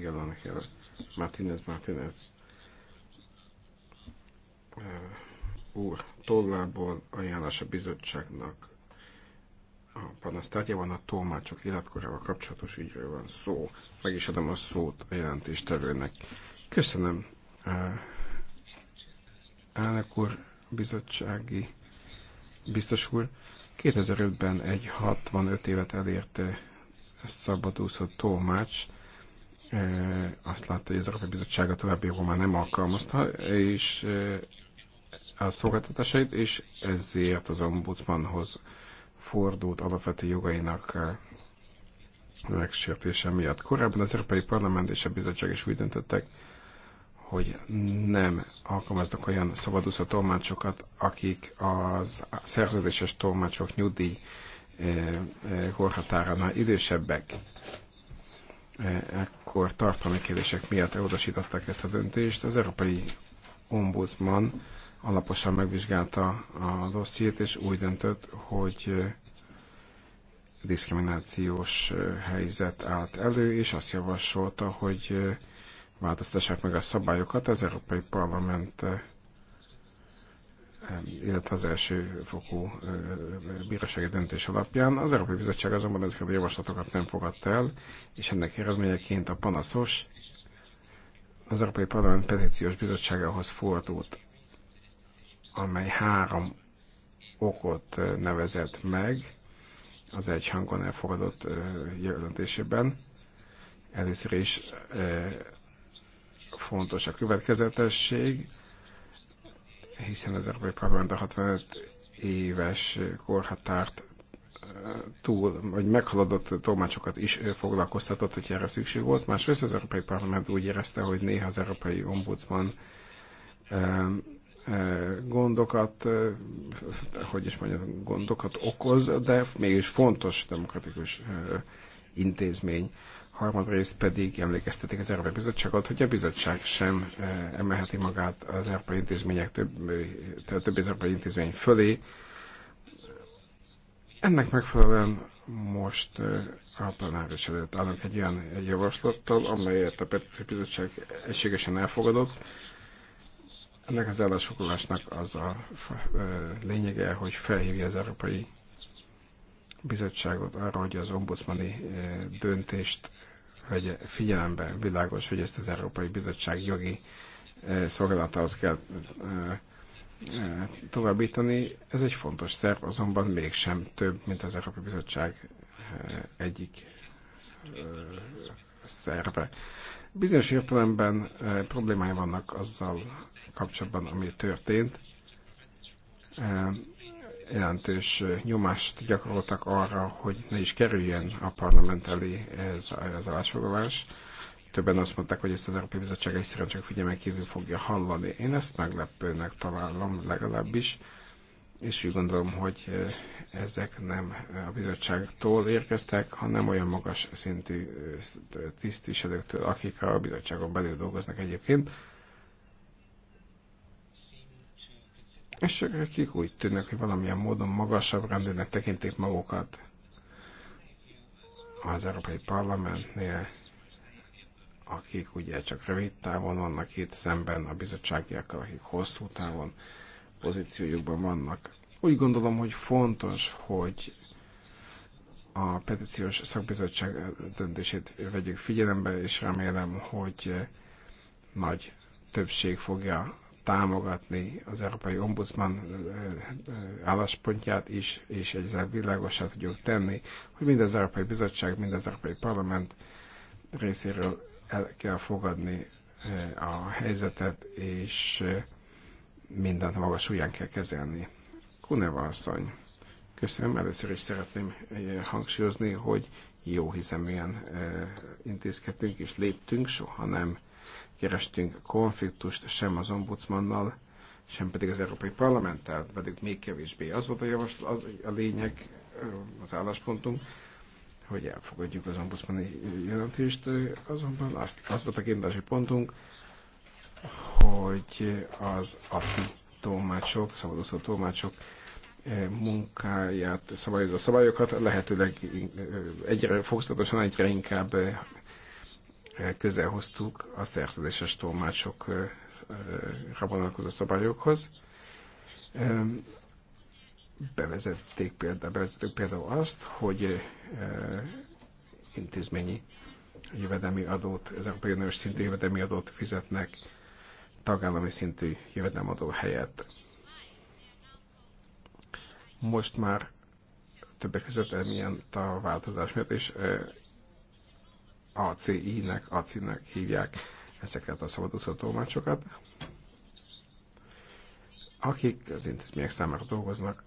Miguel Angel Martínez Martínez úr tollából ajánlás a bizottságnak a van a tolmácsok életkorával kapcsolatos ügyről van szó. Meg is adom a szót a jelentéstevőnek. Köszönöm, elnök úr, bizottsági biztos úr. 2005-ben egy 65 évet elérte szabadúszó tolmács azt látta, hogy az Európai Bizottság a további már nem alkalmazta, és a szolgáltatásait, és ezért az ombudsmanhoz fordult alapvető jogainak megsértése miatt. Korábban az Európai Parlament és a Bizottság is úgy döntöttek, hogy nem alkalmaznak olyan szabadúszó tolmácsokat, akik a szerződéses tolmácsok nyugdíj korhatáránál idősebbek. E, ekkor tartalmi kérdések miatt elutasították ezt a döntést. Az Európai Ombudsman alaposan megvizsgálta a dossziét, és úgy döntött, hogy e, diszkriminációs e, helyzet állt elő, és azt javasolta, hogy változtassák meg a szabályokat. Az Európai Parlament illetve az első fokú bírósági döntés alapján. Az Európai Bizottság azonban ezeket a javaslatokat nem fogadta el, és ennek eredményeként a panaszos az Európai Parlament Petíciós Bizottságához fordult, amely három okot nevezett meg az egy hangon elfogadott jelentésében. Először is fontos a következetesség, hiszen az Európai Parlament a 65 éves korhatárt eh, túl, vagy meghaladott tolmácsokat is eh, foglalkoztatott, hogy erre szükség volt. Másrészt az Európai Parlament úgy érezte, hogy néha az Európai Ombudsman eh, gondokat, hogy is mondjam, gondokat okoz, de mégis fontos demokratikus intézmény harmadrészt pedig emlékeztetik az Európai Bizottságot, hogy a bizottság sem eh, emelheti magát az Európai Intézmények több, eh, több az Európai Intézmény fölé. Ennek megfelelően most eh, a plenáris előtt állunk egy olyan javaslattal, amelyet a Petíciós Bizottság egységesen elfogadott. Ennek az állásfoglalásnak az a lényege, hogy felhívja az Európai bizottságot arra, hogy az ombudsmani döntést hogy figyelembe világos, hogy ezt az Európai Bizottság jogi eh, szolgálatához kell eh, eh, továbbítani. Ez egy fontos szerv, azonban mégsem több, mint az Európai Bizottság egyik szerve. Bizonyos értelemben problémái vannak azzal kapcsolatban, ami történt jelentős nyomást gyakoroltak arra, hogy ne is kerüljen a parlament elé ez az állásfoglalás. Többen azt mondták, hogy ezt az Európai Bizottság egyszerűen csak figyelmen kívül fogja hallani. Én ezt meglepőnek találom legalábbis, és úgy gondolom, hogy ezek nem a bizottságtól érkeztek, hanem olyan magas szintű tisztviselőktől, akik a bizottságon belül dolgoznak egyébként és akik úgy tűnnek, hogy valamilyen módon magasabb rendőnek tekintik magukat az Európai Parlamentnél, akik ugye csak rövid távon vannak itt szemben a bizottságiakkal, akik hosszú távon pozíciójukban vannak. Úgy gondolom, hogy fontos, hogy a petíciós szakbizottság döntését vegyük figyelembe, és remélem, hogy nagy többség fogja támogatni az Európai Ombudsman álláspontját is, és ezzel világosá tudjuk tenni, hogy mind az Európai Bizottság, mind az Európai Parlament részéről el kell fogadni a helyzetet, és mindent magas ujján kell kezelni. Kuneva asszony, köszönöm, először is szeretném hangsúlyozni, hogy jó hiszeműen intézkedtünk és léptünk, soha nem kerestünk konfliktust sem az ombudsmannal, sem pedig az Európai Parlamenttel, pedig még kevésbé. Az volt a javaslat, az a lényeg, az álláspontunk, hogy elfogadjuk az ombudsmani jelentést, azonban az, az volt a kiindulási pontunk, hogy az API tolmácsok, szabadúszó tolmácsok munkáját szabályozó szabályokat lehetőleg egyre fokozatosan egyre inkább közel hoztuk a szerződéses tolmácsokra vonatkozó szabályokhoz. Bevezették például, bevezettük például azt, hogy intézményi jövedelmi adót, az Európai Uniós szintű jövedelmi adót fizetnek tagállami szintű jövedelemadó helyett. Most már többek között emiatt a változás miatt, és ACI-nek, ACI-nek hívják ezeket a szabadúszó tolmácsokat, akik az intézmények számára dolgoznak,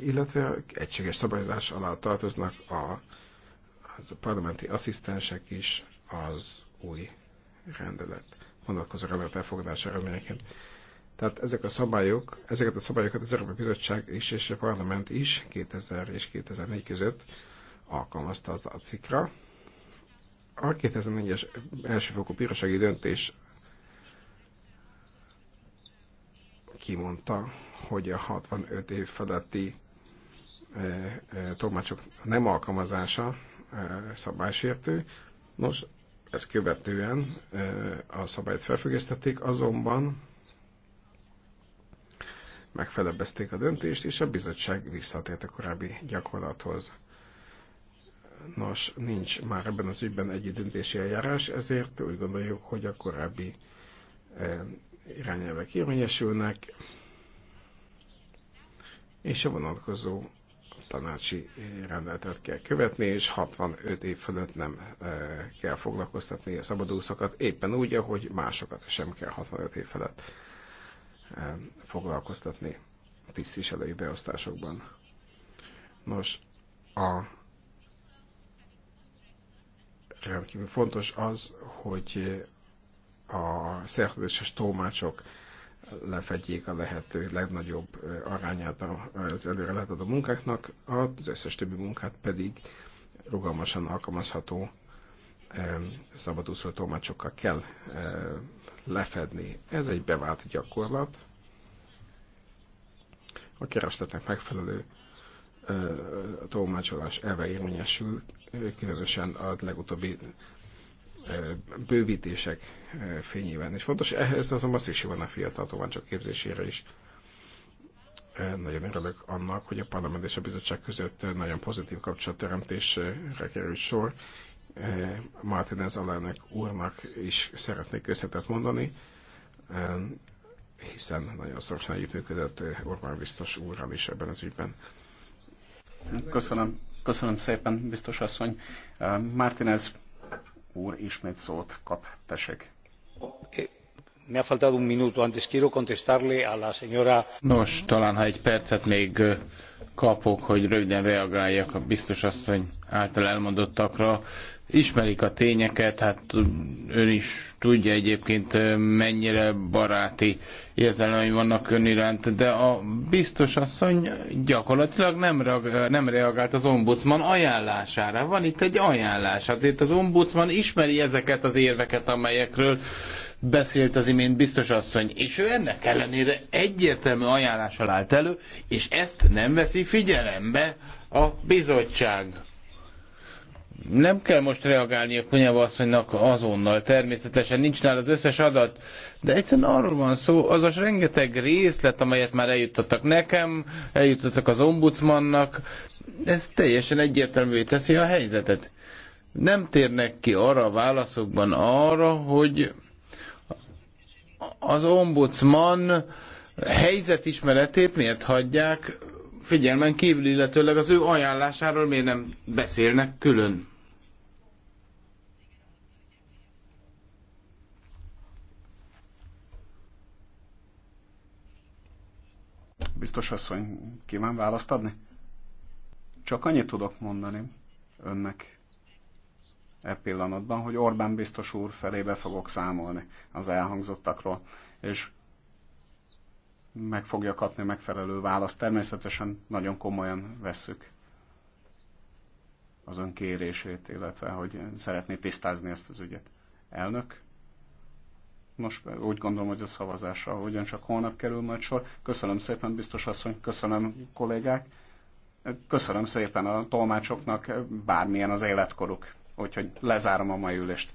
illetve egységes szabályozás alá tartoznak a, az a parlamenti asszisztensek is az új rendelet vonatkozó rendelet elfogadása reményeként. Tehát ezek a szabályok, ezeket a szabályokat az Európai Bizottság is és a Parlament is 2000 és 2004 között alkalmazta az acikra, a 2004-es elsőfokú bírósági döntés kimondta, hogy a 65 év feletti e, e, tolmácsok nem alkalmazása e, szabálysértő. Nos, ezt követően a szabályt felfüggesztették, azonban megfelebbezték a döntést, és a bizottság visszatért a korábbi gyakorlathoz. Nos, nincs már ebben az ügyben egy döntési eljárás, ezért úgy gondoljuk, hogy a korábbi e, irányelvek érvényesülnek, és a vonatkozó tanácsi rendeletet kell követni, és 65 év fölött nem e, kell foglalkoztatni a szabadúszokat, éppen úgy, ahogy másokat sem kell 65 év felett e, foglalkoztatni tisztviselői beosztásokban. Nos, a rendkívül fontos az, hogy a szerződéses tolmácsok lefedjék a lehető legnagyobb arányát az előre lehetett a munkáknak, az összes többi munkát pedig rugalmasan alkalmazható szabadúszó tolmácsokkal kell lefedni. Ez egy bevált gyakorlat. A keresletnek megfelelő tolmácsolás elve érvényesül, különösen a legutóbbi bővítések fényében. És fontos, ehhez azonban szükség van a fiatal tolmácsok képzésére is. Nagyon örülök annak, hogy a parlament és a bizottság között nagyon pozitív kapcsolatteremtésre kerül sor. Martinez alelnök úrnak is szeretnék összetett mondani, hiszen nagyon szorosan együttműködött Orbán biztos úrral is ebben az ügyben. Köszönöm, köszönöm szépen, biztos asszony. Mártinez úr ismét szót kap, tessék. Nos, talán ha egy percet még kapok, hogy röviden reagáljak a biztos asszony által elmondottakra. Ismerik a tényeket, hát hm, ön is tudja egyébként mennyire baráti érzelmei vannak ön iránt, de a biztos asszony gyakorlatilag nem, nem reagált az ombudsman ajánlására. Van itt egy ajánlás, azért az ombudsman ismeri ezeket az érveket, amelyekről beszélt az imént biztos asszony, és ő ennek ellenére egyértelmű ajánlással állt elő, és ezt nem veszi figyelembe a bizottság. Nem kell most reagálni a Kunyava asszonynak azonnal, természetesen nincs nála az összes adat, de egyszerűen arról van szó, azaz rengeteg részlet, amelyet már eljuttattak nekem, eljuttattak az ombudsmannak, ez teljesen egyértelművé teszi a helyzetet. Nem térnek ki arra a válaszokban arra, hogy az ombudsman helyzetismeretét miért hagyják figyelmen kívül, illetőleg az ő ajánlásáról miért nem beszélnek külön? Biztos asszony, kíván választ adni? Csak annyit tudok mondani önnek, e pillanatban, hogy Orbán biztos úr felébe fogok számolni az elhangzottakról, és meg fogja kapni megfelelő választ. Természetesen nagyon komolyan vesszük az ön kérését, illetve hogy szeretné tisztázni ezt az ügyet. Elnök? Nos, úgy gondolom, hogy a szavazásra ugyancsak holnap kerül majd sor. Köszönöm szépen, biztos asszony, köszönöm kollégák. Köszönöm szépen a tolmácsoknak, bármilyen az életkoruk. Úgyhogy lezárom a mai ülést.